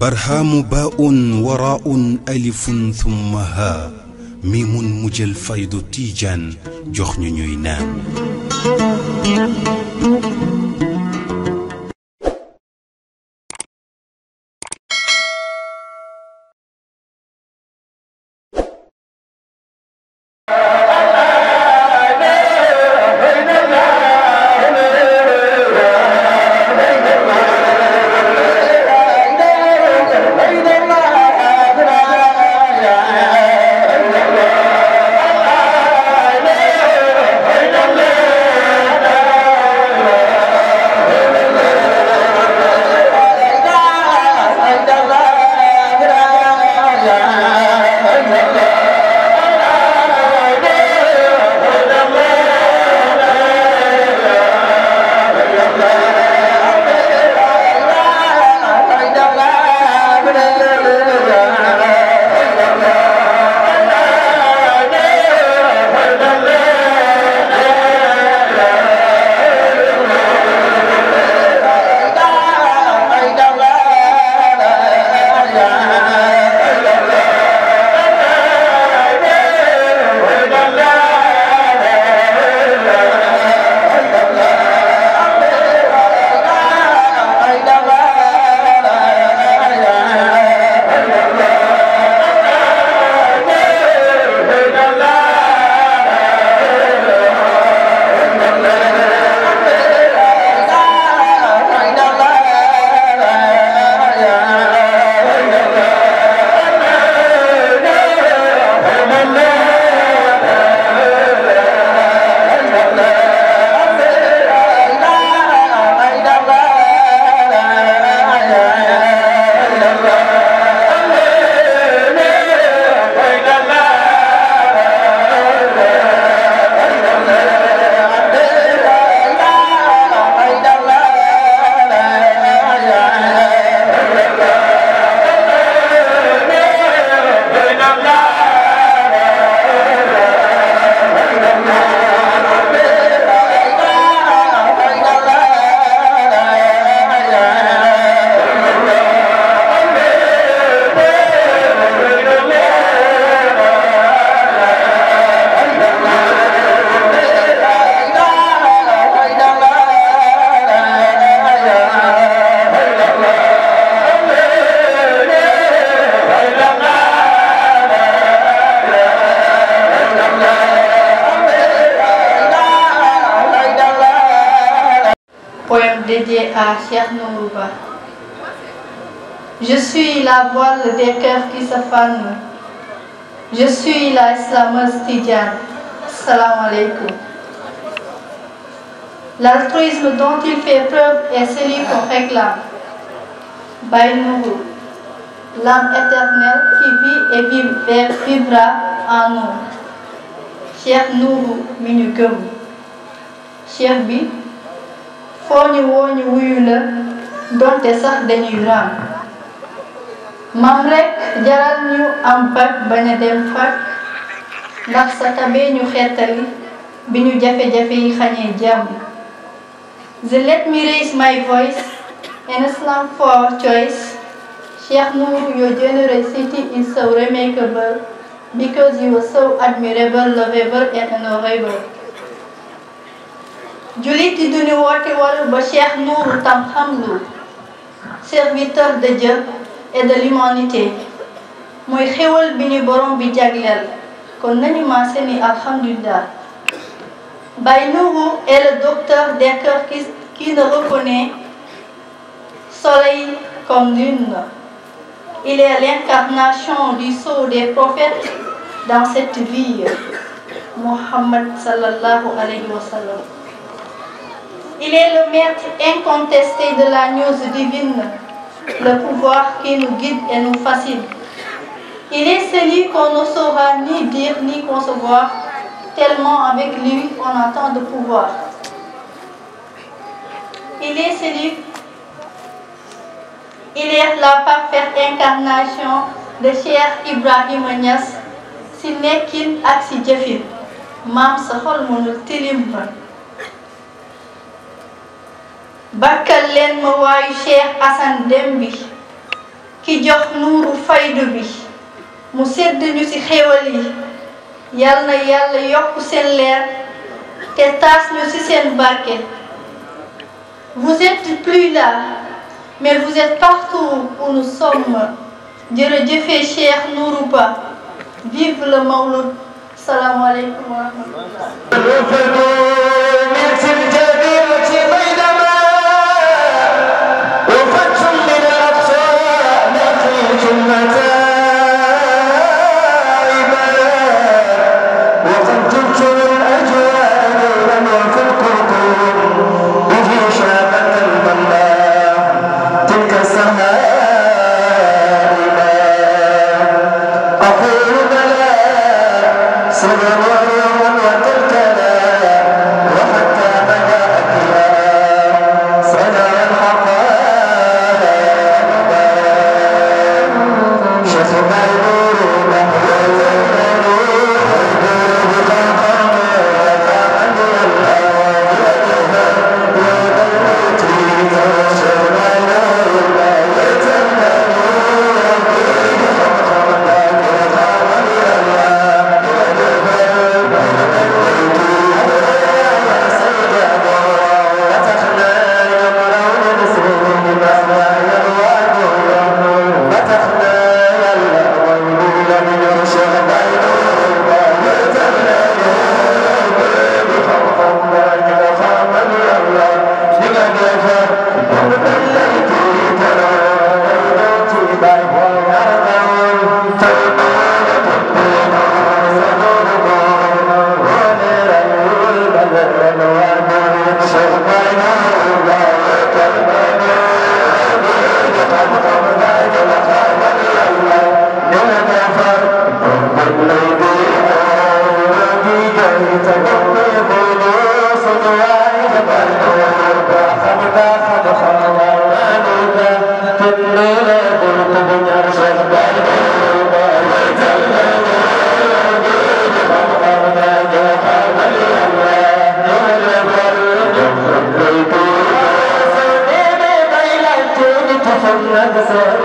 barhaamu baaun waraaun alifun thumma haa mi mun mujjël faydu tiijaan jox ñu ñuy naan Cheikh Nourouba. Je suis la voile des cœurs qui se fanent. Je suis la islameuse Tidiane. Salam alaikum. L'altruisme dont il fait preuve est celui qu'on réclame. Nourou l'âme éternelle qui vit et vivra en nous. Cher Nourou Minugum. Cher Bi, foo ñu woo ñu a dem fag ndax sa jafe jafe-jafe the let me raise my voice and Islam for choice Sheikh Noor, your generosity is so remarkable because you are so admirable, lovable, and honorable. Je vous remercie, woote waru ba Cheikh Nourou Tam serviteur de Dieu et de l'humanité Je vous bi ñu borom bi jagleel kon nañu maase alhamdulillah Nourou est le docteur des cœurs qui, ne reconnaît soleil comme lune il est l'incarnation du sceau des prophètes dans cette vie Muhammad sallallahu alayhi wa il est le maître incontesté de la news divine, le pouvoir qui nous guide et nous fascine. Il est celui qu'on ne saura ni dire ni concevoir, tellement avec lui on attend de pouvoir. Il est celui il est la parfaite incarnation de cher Ibrahim s'il si si bakkal l'en ma waayu Cheikh Assane dembi ki jox nuuru faydu bi mu sedd ñu ci xéewal yi yal na yàlla yokk seen leer te taas ñu ci seen barke vous êtes plus là mais vous êtes partout où nous sommes jërëjëfe Cheikh Nourou Ba vive le salam salaamaaleykum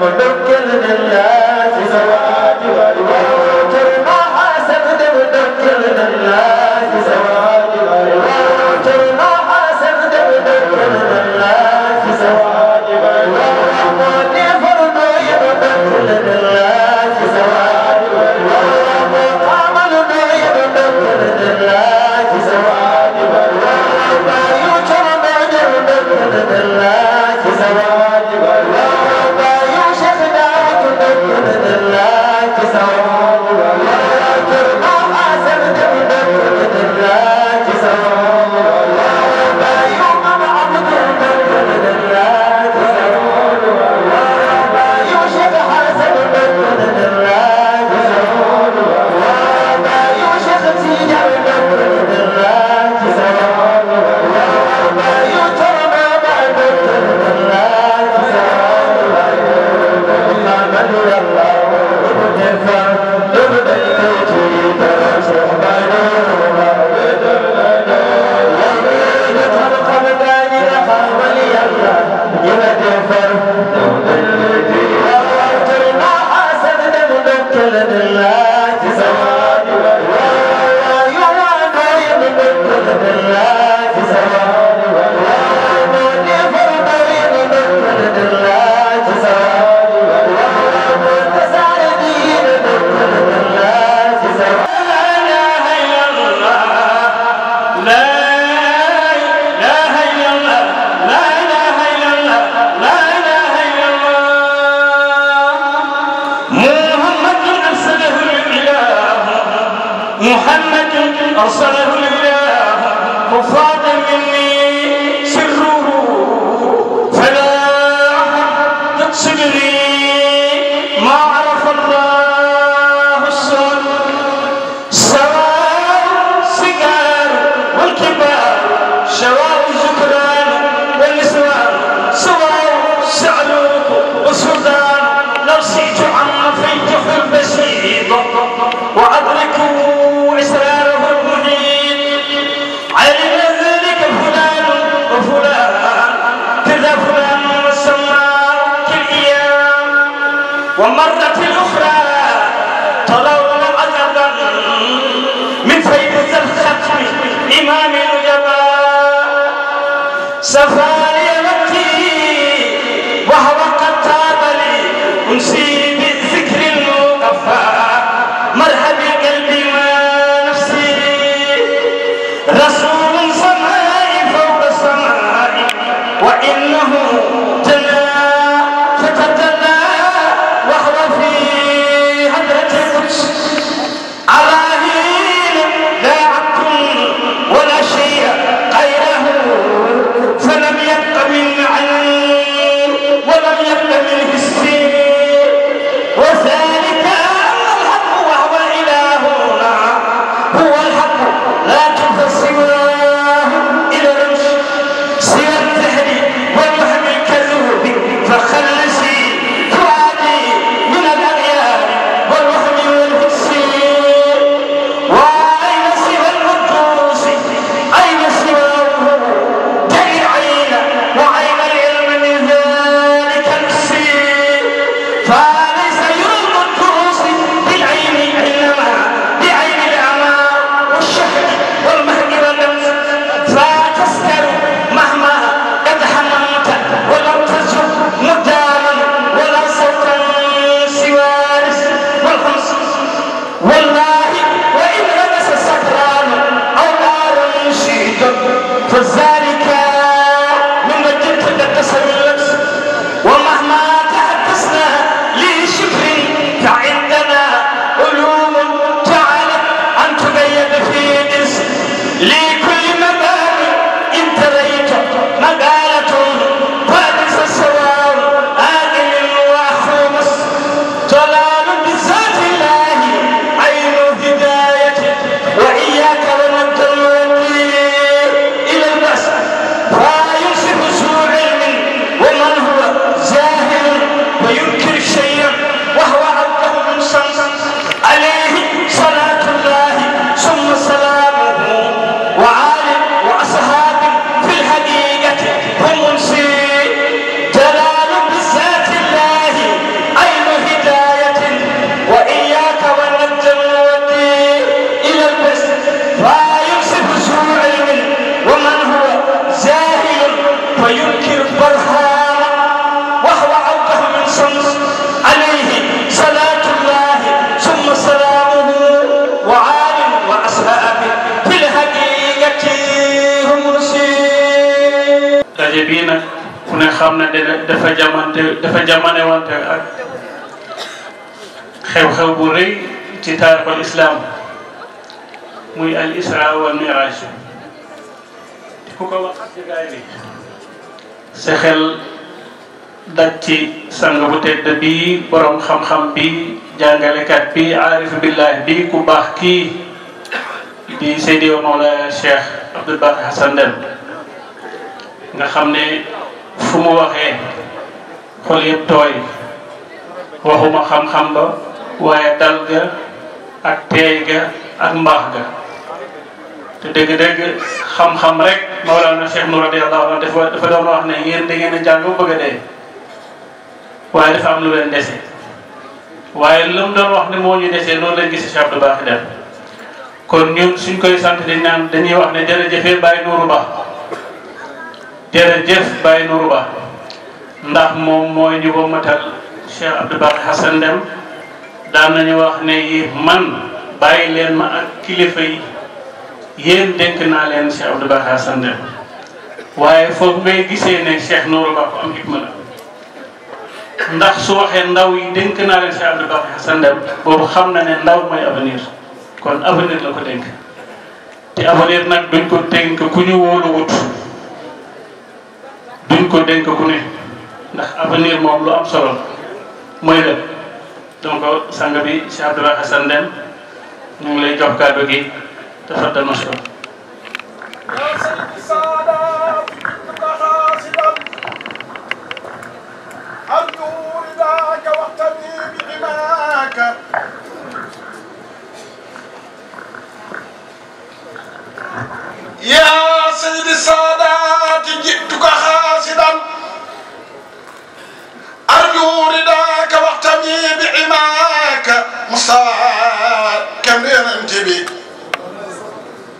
وذكر بالله سواء islaam muy al isra ko wax ci gaay bi sa xel daj ci sang bu tedd bi borom xam-xam bi jàngalekat bi aarif billah bi ku baax kii di Seydi Mawlana Cheikh Abdou Bakr Hassan Dème nga xam ne fu mu waxee xol yëpp tooy waxuma xam-xam ba waaye dal ga ak teey ga ak mbaax ga te dëgg-dëgg xam-xam rek Mawlana Cheikh Nour radiyallahu anhu dafa dafa doon wax ne yéen da ngeen jàng bu bëgg a dee waaye dafa am lu leen dese waaye lu doon wax ne moo ñu desee noonu lañ gis Cheikh Abdou Bakhi kon ñun suñ koy sant di naan dañuy wax ne jërëjëfee Baye Nourou Ba jërëjëf Baye Nourou Ba ndax moom mooy ñu ko matal Cheikh Abdou Bakhi Hassan Deme daan nañu wax ne yi man bàyyi leen ma ak kilifa yi yéen dénk naa leen Cheikh Abdou Bakar Sandem waaye foofu ngay gisee ne Cheikh Nourou Ba ko am hikma la ndax su waxee ndaw yi dénk naa leen Cheikh Abdou Bakar Sandem boobu xam na ne ndaw mooy avenir kon avenir la ko dénk te avenir nag duñ ko dénk ku ñu wóolu duñ ko dénk ku ne ndax avenir moom lu am solo mooy lépp donc sang bi cheikh abdullah hassan dem ñu ngi lay jox kaddu gi tafaddal mashkur يا سيدي السادات جئتك حاسدا أرجو رداك واحتمي بعماك مصار كم انتبي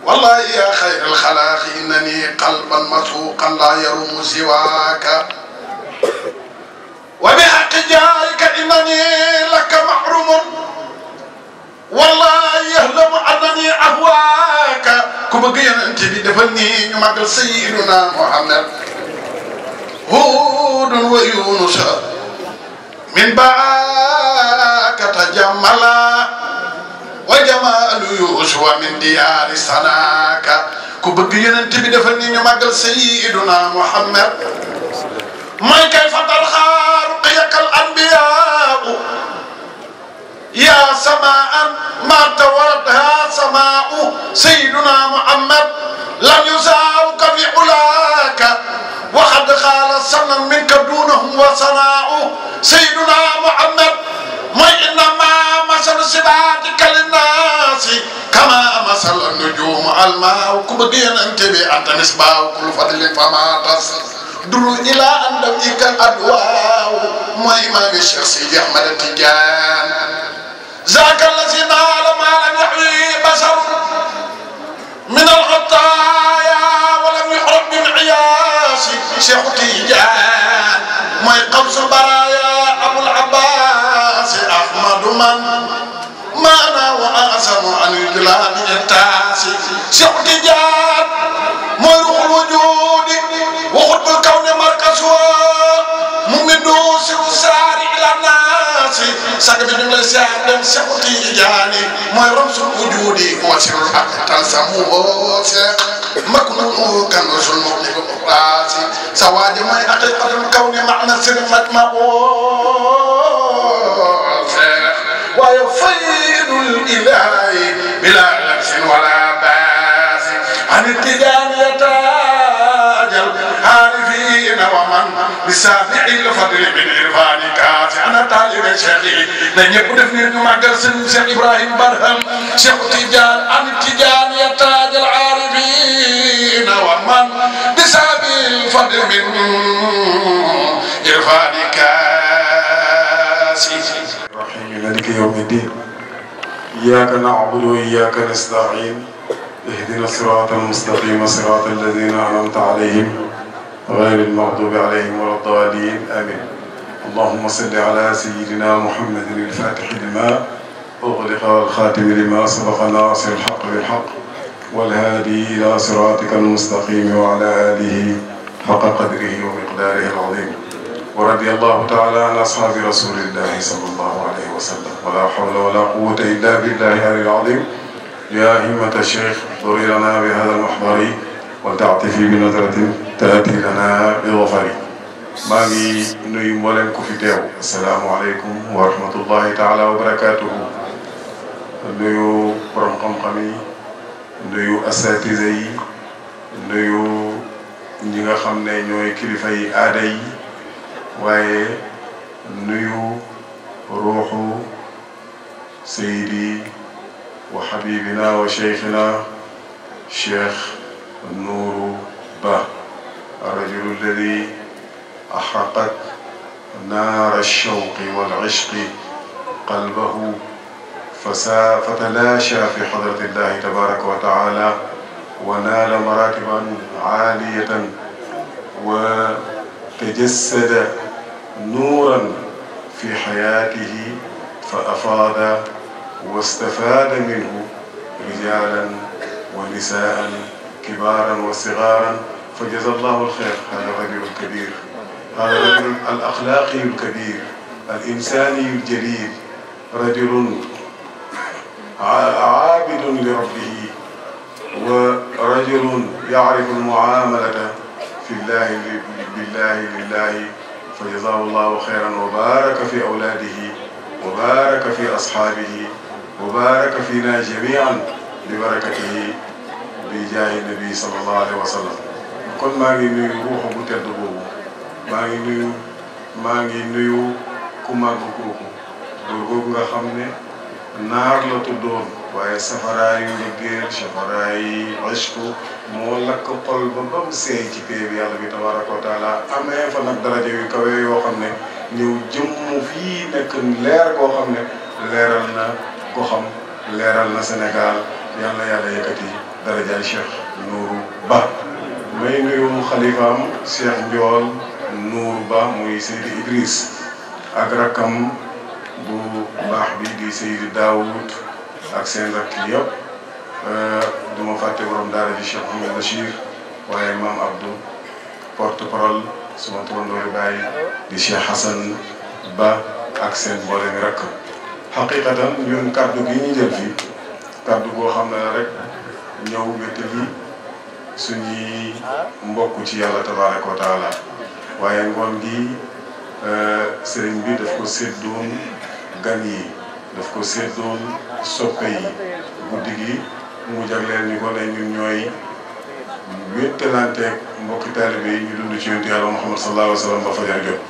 والله يا خير الخلاق إنني قلبا مسوقا لا يروم سواك وبحق جارك إنني لك محروم والله يهلم أنني أهواك كما قيل أنت بدفني مقل سيدنا محمد هود ويونس من باك تجملا وجمال يوشوى من ديار سناك كبك ينتبه دفني نمقل سيدنا محمد ما كيف تلخى رقيك الأنبياء يا سماء ما توردها سماء سيدنا محمد لم يزاوك في علاك وقد قال سنا منك دونهم وصناء سيدنا محمد وإنما مثل صفاتك للناس كما مثل النجوم الماء كبدين أنت بأنت نسبة كل فضل فما تصل duru ila andam ikal adwaw mooy imaam Cheikh Sidi Ahmad Tidiane ذاك الذي نال ما لم يحويه بشر من الغطايا ولم يحرم من عياش شيخ تيجان ما يقبس البرايا ابو العباس احمد من ما انا واحسن عن الجلال التاسي شيخ تيجان sang bi ñu ngi lay seet dem seeku tijaani mooy rom su wujuudi wa sirul ak tan sa mu woo seex mbakk na mu kan la sul moom ni ko raasi sa waa ji mooy aqiqatul kaw ni max na sëriñ mat ma woo seex waaye faydul ilaahi bilaa nafsin wala بسامع الفضل من عرفان كاس انا طالب شيخي دا نيب ديف نير سن شيخ ابراهيم برهم شيخ تجار عن تيجان يا تاج العارفين ومن بسبب الفضل من عرفان كاس الرحيم مالك يوم الدين اياك نعبد واياك نستعين اهدنا الصراط المستقيم صراط الذين انعمت عليهم غير المغضوب عليهم ولا الضالين امين اللهم صل على سيدنا محمد الفاتح لما اغلق الخاتم لما سبق ناصر الحق بالحق والهادي الى صراطك المستقيم وعلى اله حق قدره ومقداره العظيم ورضي الله تعالى عن اصحاب رسول الله صلى الله عليه وسلم ولا حول ولا قوه الا بالله العلي العظيم يا همه الشيخ احضري لنا بهذا المحضر ولتعطفي بنظره تلاتي غنا بوفاري نوي مولن كوفي السلام عليكم ورحمه الله تعالى وبركاته نيو برام خام خامي نيو اساتذه نيو نيغا خام ني نوي كليفاي اداي واي نيو روح سيدي وحبيبنا وشيخنا شيخ نور با الرجل الذي أحرقت نار الشوق والعشق قلبه فتلاشى في حضرة الله تبارك وتعالى ونال مراتبا عالية وتجسد نورا في حياته فأفاض واستفاد منه رجالا ونساء كبارا وصغارا فجزا الله الخير هذا الرجل الكبير هذا الرجل الأخلاقي الكبير الإنساني الجليل رجل عابد لربه ورجل يعرف المعاملة في الله بالله لله فجزاه الله خيرا وبارك في أولاده وبارك في أصحابه وبارك فينا جميعا ببركته بجاه النبي صلى الله عليه وسلم kon maa ngi nuyu ruuxa bu tedd boobu maa ngi nuyu maa ngi nuyu ku màgg kooku góor googu nga xam ne naar la tuddoon waaye safaraayu liggéey safaraayu ashku moo lakk xol ba ba seey ci pay yàlla bi tabaraka wa taala amee fa nag daraja yu kawe yoo xam ne ñëw jëmm fii nekk leer koo xam ne leeral na ko xam leeral na Sénégal yàlla yàlla yëkkati darajaay Cheikh Nourou Ba may nuyu xalifaam Cheikh Ndiol Nour Ba muy Seydi Idriss ak rakkam bu baax bi di Seydi Daoud ak seen rakk euh, du ma fàtte borom daara ji Cheikh Mouhamed Bachir waaye maam Abdou porte parole suma turandoori baay di Cheikh Hassan Ba ak seen boole mi rakk xaqiqatan ñun kaddu gi ñu jël fii kaddu boo xam ne rek ñëw wéttali suñuy mbokk ci yàlla tabaraka wa taala waaye ngoon gi euh, sëriñ bi daf ko séddoon gan yi daf ko séddoon soppe yi guddi gi mu jagleel ñu ko ne ñun ñooy wéttalanteeg mbokki taalibe ñu dund ci yonent yàlla Muhammad sallallahu wa sallam ba fajar jot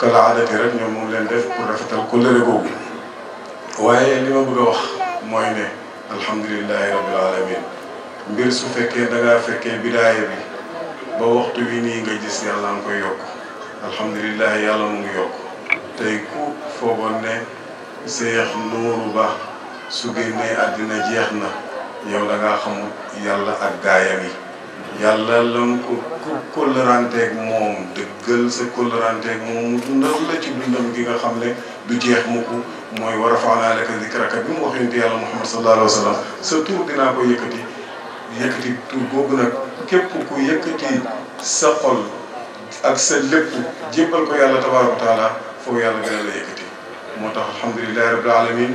kala aadati rek ñoom leen def pour rafetal kóllëre googu waaye li ma bëgg wax mooy ne alhamdulillahi rabbil alamin mbir su fekkee dangaa fekkee bidaaya bi ba waxtu wi nii nga gis yàlla nga koy yokk alhamdulilah yàlla mu ngi yokk tey ku foogoon ne Seex Nuuru Ba su génnee àddina jeex na yow da ngaa xamu yàlla ak gaaya bi yàlla lan ko ku kóllëranteeg moom dëggal sa kóllëranteeg moom mu dundal la ci dundam gi nga xam ne du jeex mukk mooy war a faanaa laka zikraka bi mu wax yàlla Muhammad sallallahu alayhi wa sallam sa tur dinaa ko yëkkati yëkkati tur boobu nag képp ku yëkkati sa xol ak sa lépp jébbal ko yàlla tabaaraka wa taala foofu yàlla gën a la moo tax alhamdulilahi rabbil alamin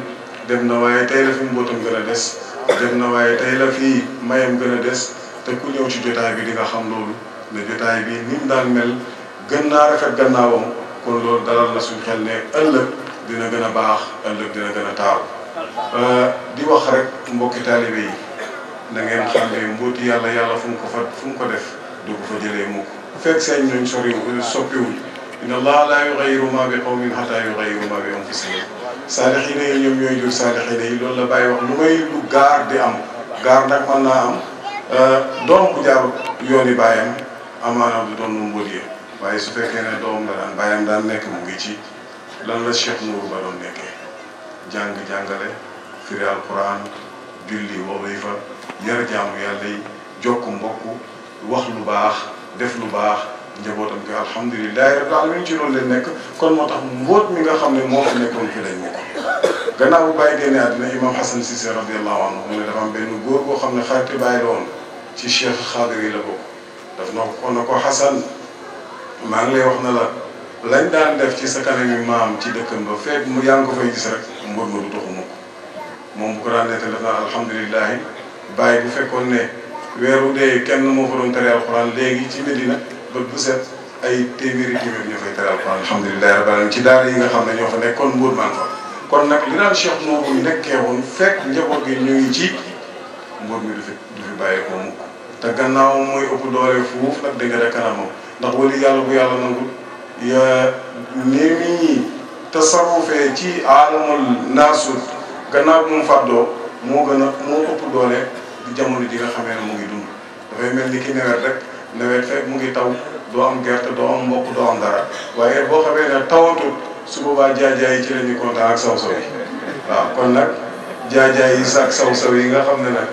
dem na waaye tey la fi mbootam gën des dem na waaye tey la fi mayam gën a des te ku ñëw ci jotaay bi di nga xam loolu ne jotaay bi ni mu mel gën naa rafet gannaawam kon loolu dalal na suñu xel ne dina gën baax ëllëg dina gën a euh, di wax rek mbokki taalibe yi na ngeen xam ne mbóoti yàlla yàlla fu mu ko fa ko def du fa jëlee mukk fekk seen ñooñ soriwul soppiwul inna allaha la yughayyiru ma bi qawmin hatta yughayyiru ma bi anfusihim saalixiina yi ñoom ñooy jur saalixiina yi loolu la bàyyi wax lu may lu gaar di am gaar nag mën naa am euh, doom jaar yooni bàyyam amaana du doon nu mbóotie waaye su fekkee ne doom la daan bàyyam daan nekk mu ngi ci lan la Cheikh Nourou Ba doon nekkee jàng jàngale firi alquran يرجعوا يالله جوكم بكو وحنو باخ دفنو باخ نجبوتهم كي الحمد لله رب العالمين شنو اللي نك كل ما تموت ميجا خمني موت نكون في دينك قنا أبو بايدين عندنا إمام حسن سيسي رضي الله عنه من الرحمن بن نجور بو خمني خايت بايدون تشيخ خادر إلى بو دفنا كونكو حسن ما نلي وحنا لا لين دان دف تي سكان الإمام تي دكان بفيد ميانكو في جسر مبرنو تخمك مبكران نتلفنا الحمد لله bàyyi bu fekkoon ne weeru dee kenn moo fa doon tere alxuraan léegi ci Medina ba bu set ay téeméeri téeméer ñoo fay tere alxuraan alhamdulilah rabbil alamin ci daara yi nga xam ne ñoo fa nekkoon mbuur maan fa kon nag li daan Cheikh Nourou ñu nekkee fekk njaboot gi ñu ngi ci mbuur mi du fi du fi bàyyi ko te gannaaw mooy ëpp doole fuuf nag dëgg la kanamam ndax yàlla bu yàlla nangul ya néew ñi tasawufee ci alamul naasut gannaaw bu mu fàddoo moo gën a moo ëpp doole di jamono ji nga xamee ne mu ngi dund dafay mel ni ki nawet rek nawet rek mu ngi taw doo am gerte doo am mboq doo am dara waaye boo xamee ne tawatul su boobaa jaajaay yi ci la ñuy kontaan ak saw saw yi waaw kon nag jaajaay yi saak saw saw yi nga xam ne nag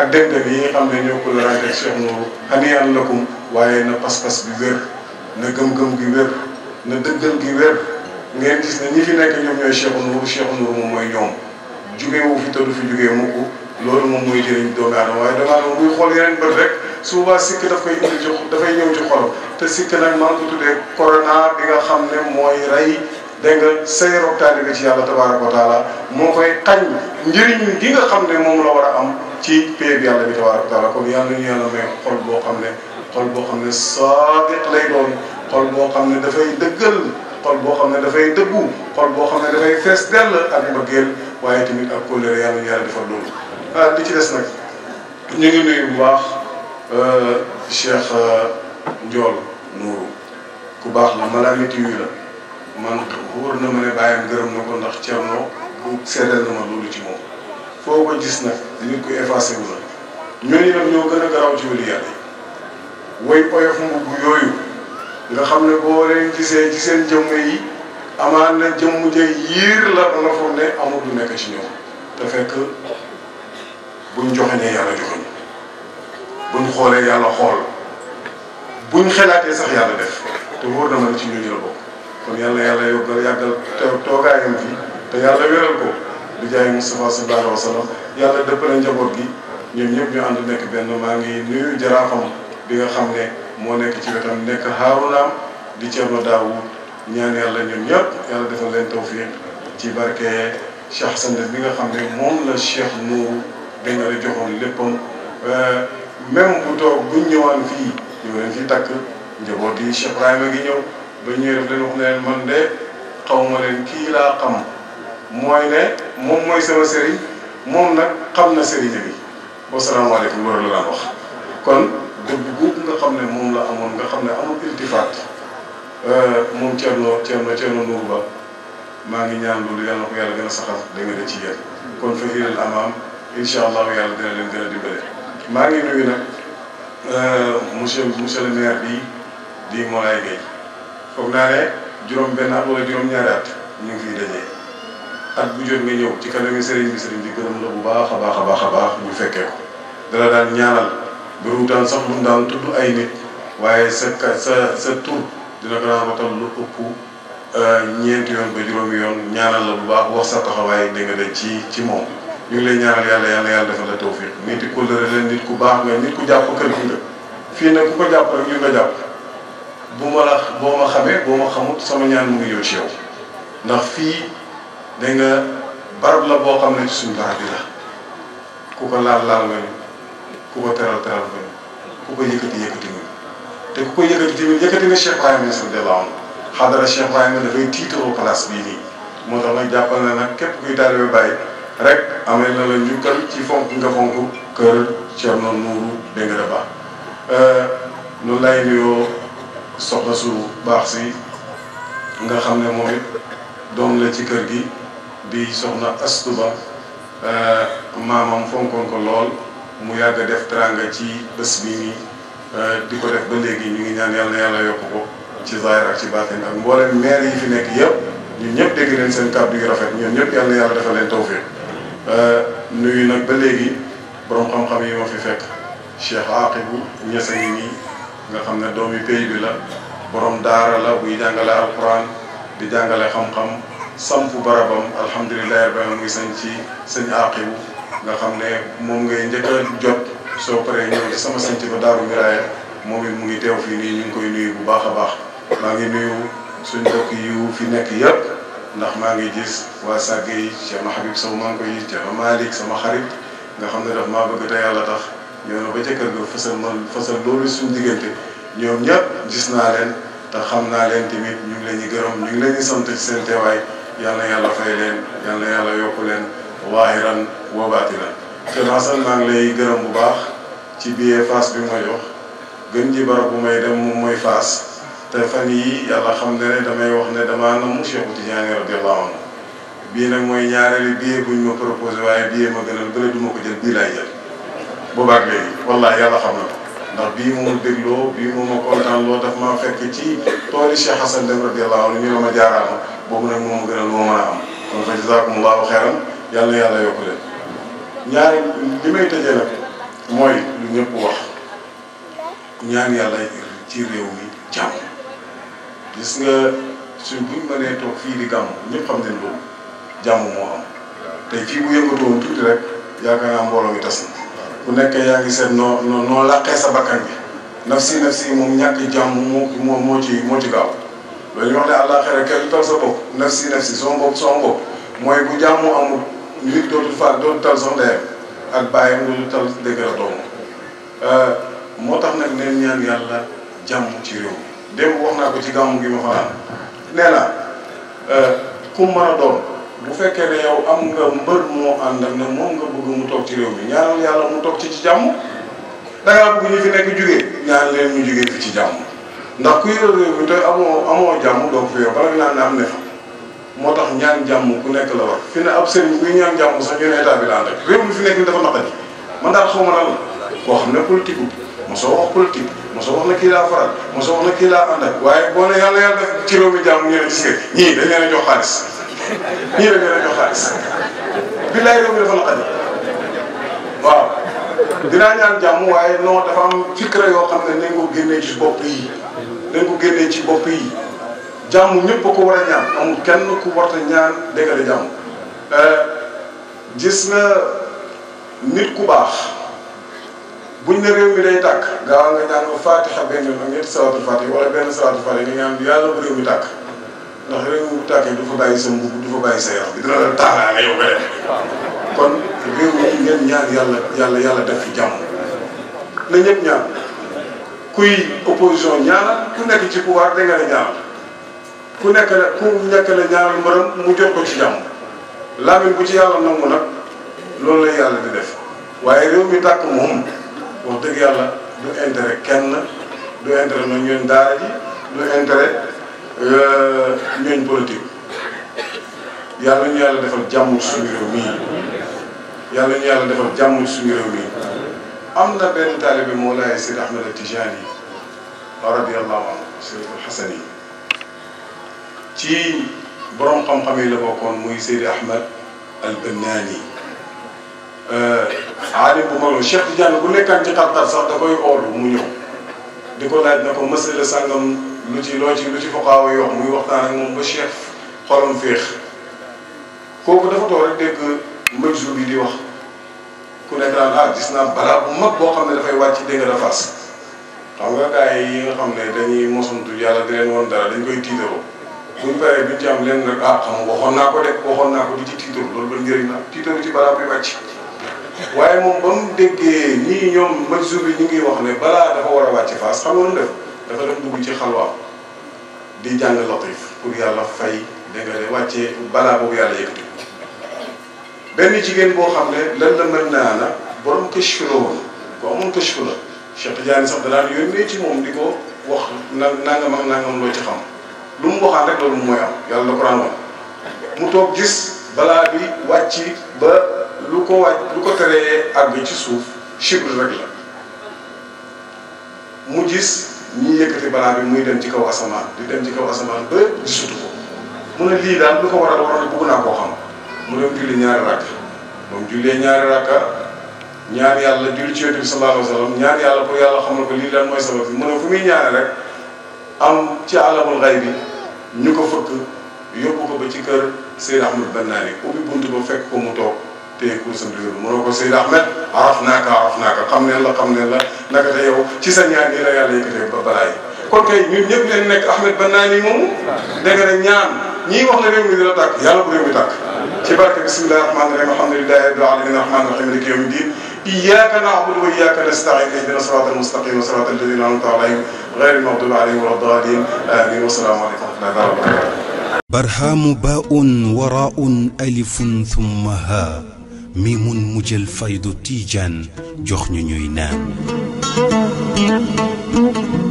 ak dem-dem yi nga xam ne ñoo ko la rajo Cheikh Nourou haniyan lakum waaye na pas-pas bi wér na gëm-gëm gi wér na dëggal gi wér ngeen gis ne ñi fi nekk ñoom ñooy Cheikh Nourou Cheikh Nourou moom mooy ñoom. jugee wu fi te du fi jugee mukk loolu moom mooy jëriñ doomu aadama waaye doomu aadama muy xool yeneen bët rek su boobaa sikk daf dafay ñëw ci xolam te sikk nag maa ngi ko tuddee corona bi nga xam ne mooy rey dégg nga seeroog taalibe ci yàlla tabaaraka wa taala moo koy xañ njëriñ gi nga xam ne moom la war a am ci péeb yàlla bi tabaaraka wa taala comme yàlla ñu yàlla may xol boo xam ne xol boo xam ne saadiq lay doon xol boo xam ne dafay dëggal xol boo xam ne dafay dëggu xol boo xam ne dafay fees dell ak mbëggeel waaye tamit ak kóllëre yàlla ñu yàlla defal loolu. ah li ci des nag ñu ngi nuyu bu baax euh, Cheikh euh, Ndiol Nourou ku baax la Malawi TV la man wóor na ma ne bàyyam gërëm na ko ndax Thierno bu seddal na ma loolu ci moom foo ko gis nag nit ku effacé wu la. ñooñu nag ñoo gën a garaaw ci wàllu yàlla yi way oyof mbubb yooyu nga xam ne boo leen gisee ci seen jëmm yi amaan na jëmm ja yiir la dana foog ne amul lu nekk ci ñoom te fekk buñ joxeñee yàlla joxeñ buñ xoolee yàlla xool buñ xelaatee sax yàlla def te wóor na ma ne ci ñooñu la bokk kon yàlla yàlla yóbgal yàggal toogaayam fi te yàlla wéral ko di jaay Moustapha sallallahu alayhi wa sallam yàlla dëppale njaboot gi ñoom ñëpp ñu ànd nekk benn maa ngi nuyu jaraafam bi nga xam ne moo nekk ci wetam nekk haarunaam di Thierno Daawud ñaan yàlla ñun ñëpp yàlla defal leen tawfiq ci barke Cheikh Sandel bi nga xam ne moom la Cheikh Nourou dañoo la joxoon léppam même bu toog buñ ñëwaan fii ñoo leen fi takk njaboot yi Cheikh Ibrahima ngi ñëw ba ñëwee daf leen wax ne leen man de xaw ma leen kii laa xam mooy ne moom mooy sama sëriñ moom nag xam na sëriñ bi wasalaamaaleykum loolu la daan wax kon dëgg googu nga xam ne moom la amoon nga xam ne amul iltifaat Euh, moom Thierno Thierno Thierno Nourou Ba maa ngi ñaan loolu yàlla na ko yàlla gën a saxal dégg nga ci yéen kon fa hiral amaam incha allahu yàlla dina leen gën a dimbale. maa ngi nuyu nag euh, monsieur monsieur le maire bii di Moulay Gueye foog naa ne juróom-benn at wala juróom-ñaari at ñu ngi fiy dajee at bu jot nga ñëw ci kanamu sëriñ bi sëriñ bi gërëm la bu baax a baax a baax a baax bu fekkee ko dala daan ñaanal ba wutaan sax mu tudd ay nit waaye sa sa sa dina ko daan rotal lu ëpp euh, ñeenti yoon ba juróomi yoon ñaanal la bu baax wax sa taxawaay dégg nga ci ci moom ñu ngi lay ñaanal yàlla yàlla yàlla defal la tawfiq nit ku kóllëre la nit ku baax nga nit ku jàpp kër gi nga fii nag ku ko jàpp bu ma la boo ma xamee boo ma xamut sama ñaan mu ngi yow ci yow ndax fii da nga barab la boo xam ne suñu barab bi la ku ko laal laal nga ni ku ko teral teral nga ni ku ko yëkkati yëkkati te ku koy yëkkati tamit yëkkati na Cheikh Ibrahima Niass radiyallahu anhu xadara Cheikh Ibrahima dafay tiitaroo place bii nii moo tax nag jàppal na nag képp kuy taalibe Baay rek amee na la njukkal ci fonk nga fonk kër Thierno Nourou Dengara Ba euh, noonu lay nuyoo soxna su baax si nga xam ne moom it doom la ci kër gi di soxna Astou Ba euh, maamam fonkoon ko lool mu yàgg def teraanga ci bés bii nii Euh, di ko def ba léegi ñu ngi ñaan yàlla na yàlla yokk ko ci zaahir ak ci baatin ak mboolem maire yi fi nekk yëpp ñun ñëpp dégg leen seen kàddu yu rafet ñoom ñëpp yàlla na yàlla defal leen tawfiq euh, nuyu nag ba léegi boroom xam-xam yi ma fi fekk Cheikh Aqibu Ñas ngi nii nga xam ne doomi pays bi la boroom daara la buy jàngale alquran di jàngale xam-xam sampu barabam alhamdulilahi rabbil alamin muy ci sëñ Aqibu nga xam ne moom ngay njëkk a jot soo paree ñëw ci sama sanc ba Daaru Miraaya moom it mu ngi teew fii nii ñu ngi koy nuyu bu baax a baax maa ngi nuyu suñ mbokk yu fi nekk yëpp ndax maa ngi gis waa Sàgg yi Cheikh Mahabib Sow maa ngi koy gis Cheikh Malick sama xarit nga xam ne daf maa bëgg te yàlla tax ñëw na ba ca kër ga fasal man fasal loolu suñu diggante ñoom ñëpp gis naa leen te xam naa leen tamit ñu ngi leen di gërëm ñu ngi leen di sant ci seen teewaay yàlla yàlla fay leen yàlla yàlla yokku leen waahiran wa baatinan Cheikh Hassane maa ngi lay bu baax ci biir Fass bi ma jox gën ji barab may dem moom mooy fas te fan yii yàlla xam ne ne damay wax ne damaa namu Cheikh Tidiane radiyallahu anhu bii nag mooy ñaareelu billet buñ ma proposé waaye billet ma gënal bële du ma ko jël bii laay jël boobaag léegi wallaahi yàlla xam na ko ndax bii moom dégloo bii moom ma kontaan loo daf maa fekk ci tooli Cheikh Hassane Deme radiyallahu anhu ñu la ma jaaraama boobu nag moom ma gënal a am yàlla yàlla ñaari li may tëjee nag mooy lu ñëpp wax ñaan yàlla ci réew mi jàmm gis nga suñ buñ mënee toog fii di gàmm ñëpp xam nañ loolu jàmm moo am tey fii bu yëngatu woon tuuti rek yaakaar naa mbooloo mi tas na ku nekk yaa ngi seet noo noo làqee sa bakkan bi naf si naf si moom ñàkk jàmm moo moo moo ci moo ci gaaw loolu ñu wax ne àllaaxira kenn du tal sa bopp naf si naf si sama bopp mooy bu jàmm amul ngir dootul faat dootul tal sax ndeyam ak bàyyam dootul tal dëgër doom euh, moo tax nag neen ñaan yàlla jàmm ci réew mi démb wax naa ko ci gàmmu gi ma fanaan nee na euh, ku mën a doon bu fekkee ne yow am nga mbër moo ànd ak moom nga bëgg mu toog ci réew mi ñaanal yàlla mu toog ci ci jàmm dangaa bëgg ñu fi nekk jugee ñaan leen ñu jugee fi ci jàmm ndax ku yore réew mi tey amoo amoo jàmm doo ko fi yow bala nga naan am ne fa moo tax ñaan jàmm ku nekk la war fi ne ab sëriñ buy ñaan jàmm sax ñu ne état bi daan rek réew mi fi nekk ni dafa naqari man daal xaw koo xam ne politique mosoo wax politique na kii laa faral mosoo na kii laa ànd waaye boo ne yàlla yàlla def ci réew mi ñu ne gis nga ñii dañ ñaan jàmm waaye non dafa am fikra yoo xam ne nañ ko génnee ci bopp yi nañ ko génnee ci bopp yi jàmm ñëpp a ko war a ñaan amul kenn ku warta ñaan déggale jàmm euh, gis na nit ku baax buñ ne réew mi day tàkk gaaw nga ñaan ko faatixa benn ñetti salaatul faatixa wala benn salaatul faatixa nga ñaan yàlla bu réew mi tàkk ndax réew mi bu tàkkee du fa bàyyi sa mbubb du fa bàyyi sa yax bi dina la taalaa nga yow nga def kon réew mi ngeen ñaan yàlla yàlla yàlla def fi jàmm na ñëpp ñaan kuy opposition ñaanal ku nekk ci pouvoir da nga ku nekk la ku nekk la ñaanal mu jot ko ci jàmm laamin bu ci yàlla nangu nag loolu la yàlla di def waaye réew mi tàkk moom wax dëgg yàlla du intérêt kenn du intérêt na ñooñ daara ji du intérêt euh, ñooñ politique yàlla ñu yàlla defal jàmm ci suñu réew mii yàlla ñu yàlla defal jàmm ci suñu réew mii am na benn taalibe Mawlaay Seydi Ahmed Tijaan yi radiyallahu anhu Seydi Xasan yi ci borom xam-xam yi la bokkoon muy Seydi Ahmed al Bannaani aalim bu mag Cheikh Tidiane bu nekkaan ci xartar sax da koy oolu mu ñëw di ko laaj na ko masala sàngam lu ci loo ci lu ci foqaawa yoo muy waxtaan ak moom ba Cheikh xolam féex kooku dafa toog rek dégg majjou bi di wax ku nekk daan ah gis naa balaa bu mag boo xam ne dafay wàcc dégg nga fas xam nga gars yi nga xam ne dañuy mosuntu yàlla di leen woon dara dañ koy tiitaroo suñ paree duñ ci am lenn nag ah xam waxoon naa ko de waxoon naa ko di ci tiitoon loolu ba njëriñ la tiitoon ci balaa bi wàcc waaye moom ba mu déggee ñii ñoom majjur bi ñu ngi wax ne balaa dafa war a wàcc faas xam nga def dafa dem dugg ci xalwaam di jàng latif pour yàlla fay dégg nga de wàccee balaa boobu yàlla yëkkati benn jigéen boo xam ne lan la mën naa na borom këshfu la woon ku amoon këshfu la Cheikh Tidiane sax da daan yónnee ci moom di ko wax na nangam lu mu waxaan rek loolu mooy am yàlla la mu toog gis balaa bi wàcc ba lu ko wàcc lu ko teree àgg ci suuf chibri rek la mu gis ñi yëkkati balaa bi muy dem ci kaw asamaan di dem ci kaw asamaan ba gisutu ko mu ne lii daal lu ko waral waral bëgg naa koo xam mu dem julli ñaari rakka moom jullee ñaari rakka ñaar yàlla julli ci yonent bi sallallahu alayhi wa sallam yàlla pour yàlla ko lii lan mooy sabab bi mu ne fu muy ñaare rek am ci alamul xay bi ñu ko fëkk ko ba ci kër Seyd Ahmed Bannaani ubbi bunt ba fekk ko mu toog téye kursam di wér munoo ko Seyd Ahmed araf naaka araf naaka xam neen la xam neen la naka yow ci sa ñaan yi la yàlla yëkkatee ba balaay kon kay ñun ñëpp leen nekk Ahmed Bannaani moomu dégg nga ne ñaan ñii wax ne réew mi dina tàkk yàlla bu réew mi tàkk ci barke bismillahi rahmaani rahim alhamdulilahi rabbil alamin rahmaani rahim maliki yawmi إياك نعبد وإياك نستعين اهدنا الصراط المستقيم صراط الذين أنعمت عليهم غير المغضوب عليهم ولا الضالين آمين والسلام عليكم ورحمة الله وبركاته برهام باء وراء ألف ثم ها ميم مجل فيض تيجان جخن نام